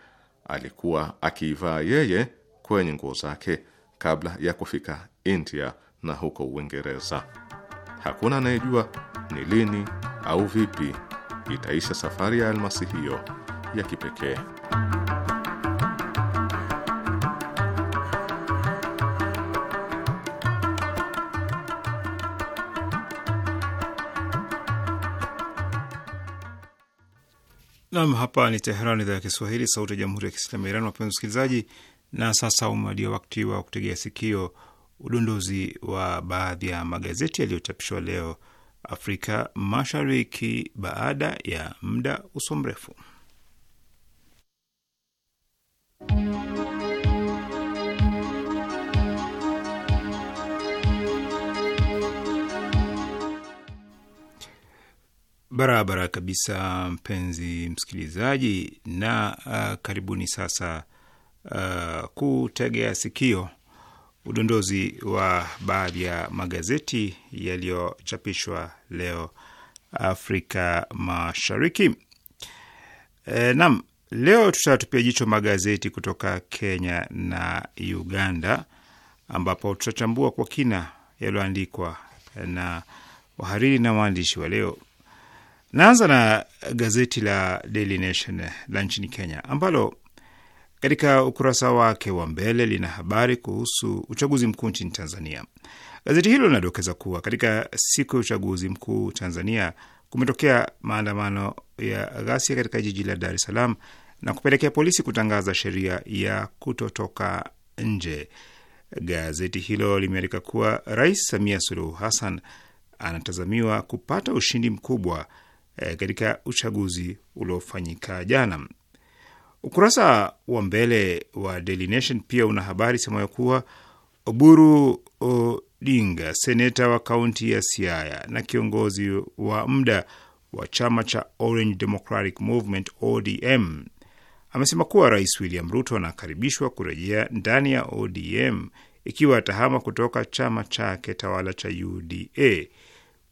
alikuwa akiivaa yeye kwenye nguo zake kabla ya kufika India na huko Uingereza. Hakuna anayejua ni lini au vipi itaisha safari ya almasi hiyo ya kipekee. Nam, hapa ni Teheran, idhaa ya Kiswahili, sauti ya jamhuri ya kiislamu ya Iran. Wapenzi wasikilizaji, na sasa umewadia wakati wa kutegea sikio udondozi wa baadhi ya magazeti yaliyochapishwa leo Afrika Mashariki baada ya muda uso mrefu. Barabara kabisa, mpenzi msikilizaji, na uh, karibuni sasa uh, kutegea sikio udondozi wa baadhi ya magazeti yaliyochapishwa leo Afrika Mashariki. E, nam leo tutatupia jicho magazeti kutoka Kenya na Uganda, ambapo tutachambua kwa kina yaliyoandikwa na wahariri na waandishi wa leo. Naanza na gazeti la Daily Nation la nchini Kenya ambalo katika ukurasa wake wa mbele lina habari kuhusu uchaguzi mkuu nchini Tanzania. Gazeti hilo linadokeza kuwa katika siku ya uchaguzi mkuu Tanzania kumetokea maandamano ya ghasia katika jiji la Dar es Salaam na kupelekea polisi kutangaza sheria ya kutotoka nje. Gazeti hilo limeandika kuwa Rais Samia Suluhu Hassan anatazamiwa kupata ushindi mkubwa eh, katika uchaguzi uliofanyika jana. Ukurasa wa mbele wa Daily Nation pia una habari semayo kuwa Oburu Odinga, seneta wa kaunti ya Siaya na kiongozi wa muda wa chama cha Orange Democratic Movement ODM, amesema kuwa Rais William Ruto anakaribishwa kurejea ndani ya ODM ikiwa atahama kutoka chama chake tawala cha UDA.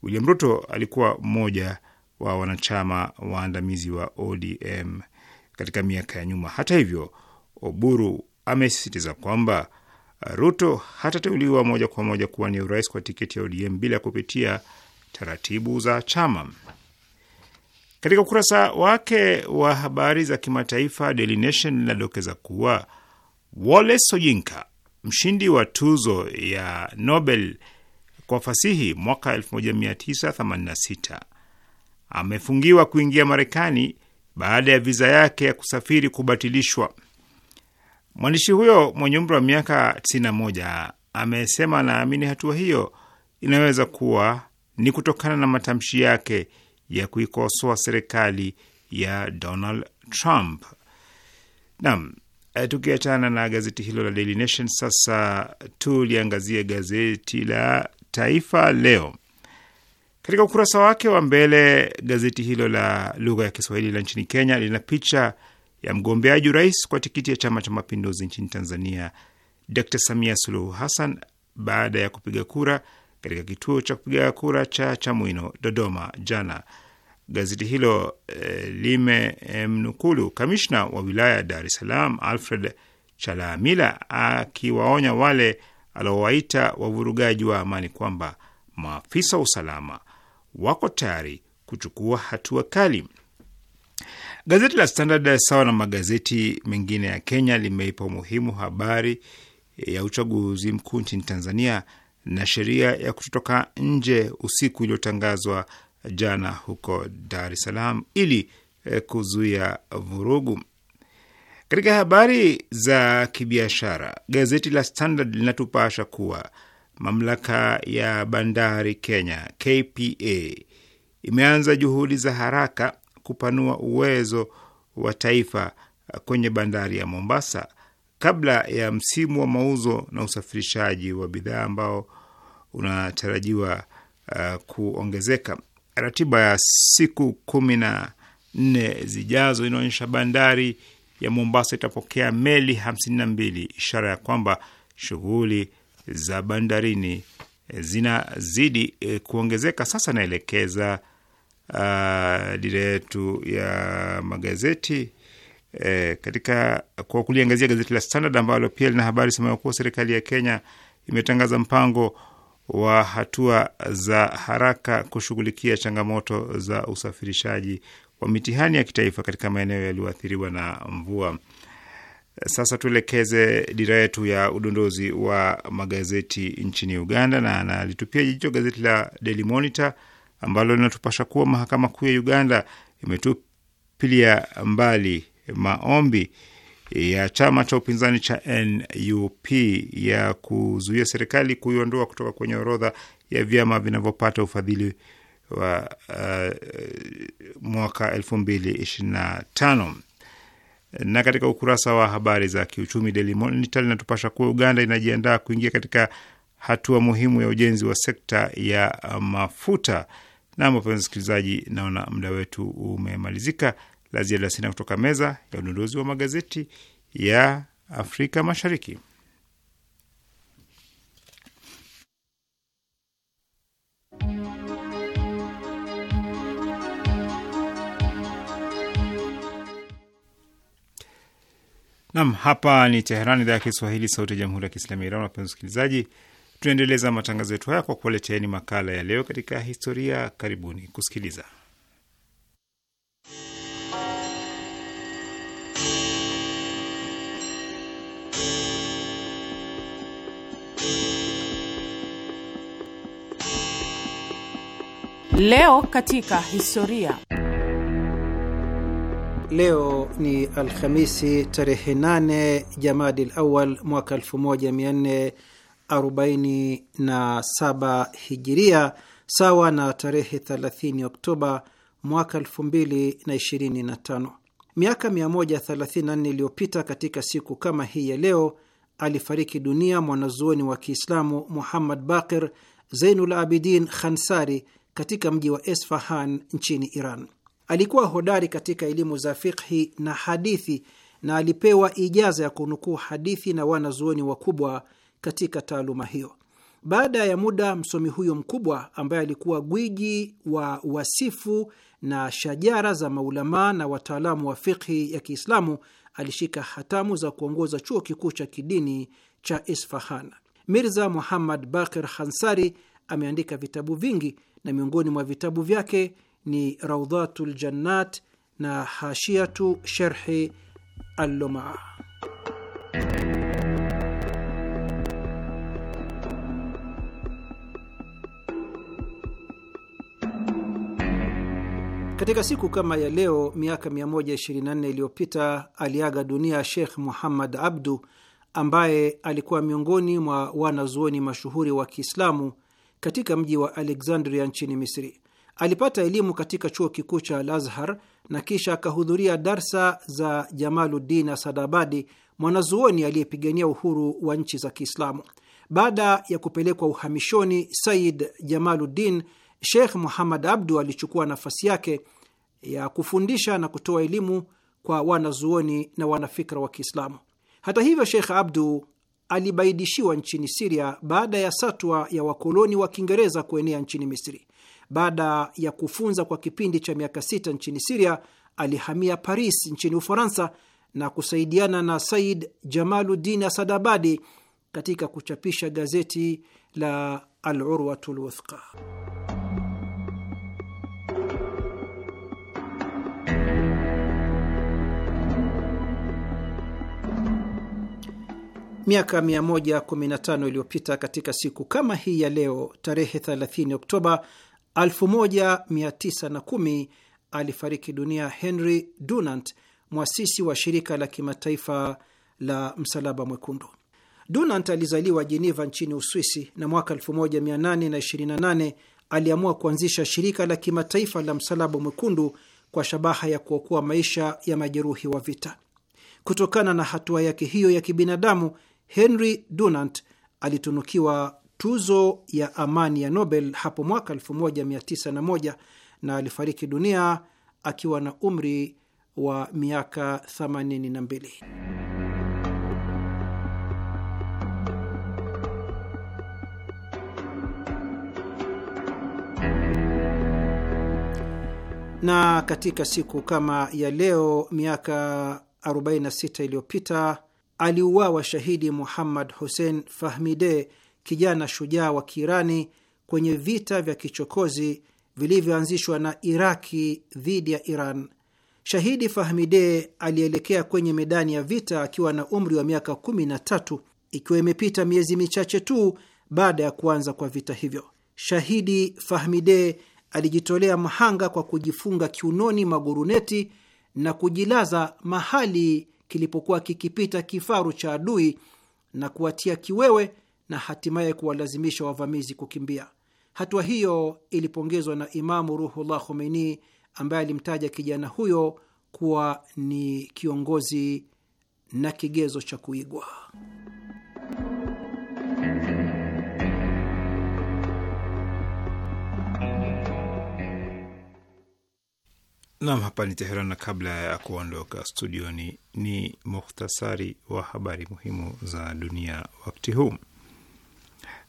William Ruto alikuwa mmoja wa wanachama waandamizi wa ODM katika miaka ya nyuma. Hata hivyo, Oburu amesisitiza kwamba Ruto hatateuliwa moja kwa moja kuwania urais kwa tiketi ya ODM bila kupitia taratibu za chama. Katika ukurasa wake wa habari za kimataifa, Daily Nation linadokeza kuwa Wole Soyinka, mshindi wa tuzo ya Nobel kwa fasihi mwaka 1986 amefungiwa kuingia Marekani baada ya viza yake ya kusafiri kubatilishwa. Mwandishi huyo mwenye umri wa miaka 91 amesema anaamini hatua hiyo inaweza kuwa ni kutokana na matamshi yake ya kuikosoa serikali ya Donald Trump. Naam, eh, tukiachana na gazeti hilo la Daily Nation, sasa tuliangazia gazeti la Taifa Leo katika ukurasa wake wa mbele, gazeti hilo la lugha ya Kiswahili la nchini Kenya lina picha ya mgombeaji urais kwa tikiti ya Chama cha Mapinduzi nchini Tanzania, d Samia Suluhu Hassan, baada ya kupiga kura katika kituo cha kupiga kura cha Chamwino, Dodoma jana. Gazeti hilo eh, limemnukulu kamishna wa wilaya ya Dar es Salaam Alfred Chalamila akiwaonya wale alowaita wavurugaji wa amani kwamba maafisa wa usalama wako tayari kuchukua hatua kali. Gazeti la Standard sawa na magazeti mengine ya Kenya limeipa umuhimu habari ya uchaguzi mkuu nchini Tanzania na sheria ya kutotoka nje usiku iliyotangazwa jana huko Dar es Salaam ili eh, kuzuia vurugu. Katika habari za kibiashara, gazeti la Standard linatupasha kuwa mamlaka ya bandari Kenya KPA imeanza juhudi za haraka kupanua uwezo wa taifa kwenye bandari ya Mombasa kabla ya msimu wa mauzo na usafirishaji wa bidhaa ambao unatarajiwa uh, kuongezeka. Ratiba ya siku kumi na nne zijazo inaonyesha bandari ya Mombasa itapokea meli hamsini na mbili, ishara ya kwamba shughuli za bandarini eh, zinazidi eh, kuongezeka. Sasa naelekeza uh, dira yetu ya magazeti e, katika kwa kuliangazia gazeti la Standard ambalo pia lina habari sema kuwa serikali ya Kenya imetangaza mpango wa hatua za haraka kushughulikia changamoto za usafirishaji wa mitihani ya kitaifa katika maeneo yaliyoathiriwa na mvua. Sasa tuelekeze dira yetu ya udondozi wa magazeti nchini Uganda, na analitupia jicho gazeti la Daily Monitor ambalo linatupasha kuwa mahakama kuu ya Uganda imetupilia mbali maombi ya chama cha upinzani cha NUP ya kuzuia serikali kuiondoa kutoka kwenye orodha ya vyama vinavyopata ufadhili wa uh, mwaka tano. Na katika ukurasa wa habari za kiuchumi, Daily Monitor linatupasha kuwa Uganda inajiandaa kuingia katika hatua muhimu ya ujenzi wa sekta ya mafuta. Na mpenzi msikilizaji, naona muda wetu umemalizika. La ziada sina kutoka meza ya ununuzi wa magazeti ya Afrika Mashariki. Nam, hapa ni Teheran, idhaa ya Kiswahili, sauti ya jamhuri ya kiislamu ya Iran. Wapenzi wasikilizaji, tunaendeleza matangazo yetu haya kwa kuwaleteeni makala ya leo katika historia. Karibuni kusikiliza. Leo katika historia Leo ni Alhamisi tarehe 8 Jamadil Awal mwaka 1447 Hijiria, sawa na tarehe 30 Oktoba mwaka 2025. Miaka 134 iliyopita katika siku kama hii ya leo alifariki dunia mwanazuoni wa Kiislamu Muhammad Baqir Zeinul Abidin Khansari katika mji wa Esfahan nchini Iran. Alikuwa hodari katika elimu za fikhi na hadithi na alipewa ijaza ya kunukuu hadithi na wanazuoni wakubwa katika taaluma hiyo. Baada ya muda, msomi huyo mkubwa ambaye alikuwa gwiji wa wasifu na shajara za maulamaa na wataalamu wa fikhi ya Kiislamu alishika hatamu za kuongoza chuo kikuu cha kidini cha Isfahan. Mirza Muhammad Bakir Hansari ameandika vitabu vingi na miongoni mwa vitabu vyake ni Raudhatu Ljannat na Hashiatu Sherhi Allumaa. Katika siku kama ya leo miaka 124 iliyopita aliaga dunia Sheikh Muhammad Abdu ambaye alikuwa miongoni mwa wanazuoni mashuhuri wa Kiislamu katika mji wa Alexandria nchini Misri. Alipata elimu katika chuo kikuu cha Al-Azhar na kisha akahudhuria darsa za Jamaluddin Asadabadi, mwanazuoni aliyepigania uhuru wa nchi za Kiislamu. Baada ya kupelekwa uhamishoni Said Jamaluddin, Sheikh Muhammad Abdu alichukua nafasi yake ya kufundisha na kutoa elimu kwa wanazuoni na wanafikra wa Kiislamu. Hata hivyo, Sheikh Abdu alibaidishiwa nchini Siria baada ya satwa ya wakoloni wa Kiingereza kuenea nchini Misri. Baada ya kufunza kwa kipindi cha miaka sita nchini Siria, alihamia Paris nchini Ufaransa na kusaidiana na Said Jamaluddin Asadabadi katika kuchapisha gazeti la Alurwatu Lwuthqa. Miaka 115 iliyopita katika siku kama hii ya leo, tarehe 30 Oktoba 1910 alifariki dunia Henry Dunant, mwasisi wa shirika la kimataifa la Msalaba Mwekundu. Dunant alizaliwa Jeneva nchini Uswisi, na mwaka 1828 aliamua kuanzisha shirika la kimataifa la Msalaba Mwekundu kwa shabaha ya kuokoa maisha ya majeruhi wa vita. Kutokana na hatua yake hiyo ya kibinadamu, Henry Dunant alitunukiwa tuzo ya amani ya Nobel hapo mwaka 1901 na alifariki dunia akiwa na umri wa miaka 82. na katika siku kama ya leo miaka 46 iliyopita aliuawa shahidi Muhammad Hussein Fahmide, kijana shujaa wa Kiirani kwenye vita vya kichokozi vilivyoanzishwa na Iraki dhidi ya Iran. Shahidi Fahmide alielekea kwenye medani ya vita akiwa na umri wa miaka 13 ikiwa imepita miezi michache tu baada ya kuanza kwa vita hivyo. Shahidi Fahmide alijitolea mhanga kwa kujifunga kiunoni maguruneti na kujilaza mahali kilipokuwa kikipita kifaru cha adui na kuwatia kiwewe na hatimaye kuwalazimisha wavamizi kukimbia. Hatua hiyo ilipongezwa na Imamu Ruhullah Khomeini ambaye alimtaja kijana huyo kuwa ni kiongozi na kigezo cha kuigwa. Nam, hapa ni Teheran, na kabla ya kuondoka studioni ni, ni muhtasari wa habari muhimu za dunia wakati huu.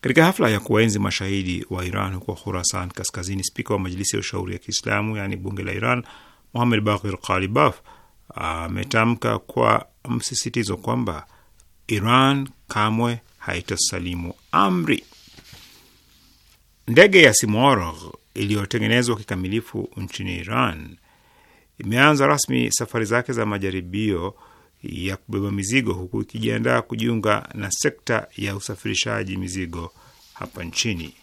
Katika hafla ya kuwaenzi mashahidi wa Iran huko Khurasan Kaskazini, spika wa Majlisi ya Ushauri ya Kiislamu, yaani bunge la Iran, muhamed Baghir Kalibaf ametamka kwa msisitizo kwamba Iran kamwe haitasalimu amri. Ndege ya Simorgh iliyotengenezwa kikamilifu nchini Iran imeanza rasmi safari zake za majaribio ya kubeba mizigo huku ikijiandaa kujiunga na sekta ya usafirishaji mizigo hapa nchini.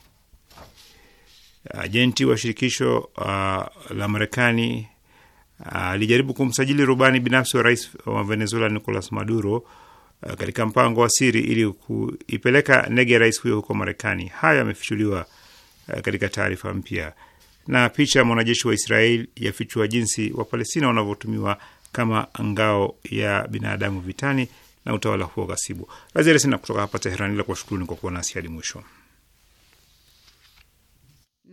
Ajenti wa shirikisho uh, la Marekani uh, alijaribu uh, kumsajili rubani binafsi wa rais wa Venezuela Nicolas Maduro uh, katika mpango wa siri ili kuipeleka ndege ya rais huyo huko Marekani. Hayo yamefichuliwa uh, katika taarifa mpya. Na picha ya mwanajeshi wa Israeli yafichua jinsi Wapalestina wanavyotumiwa kama ngao ya binadamu vitani na utawala huo ghasibu. Lazima sina kutoka hapa Teherani, ila kuwashukuruni kwa kuwa nasi hadi mwisho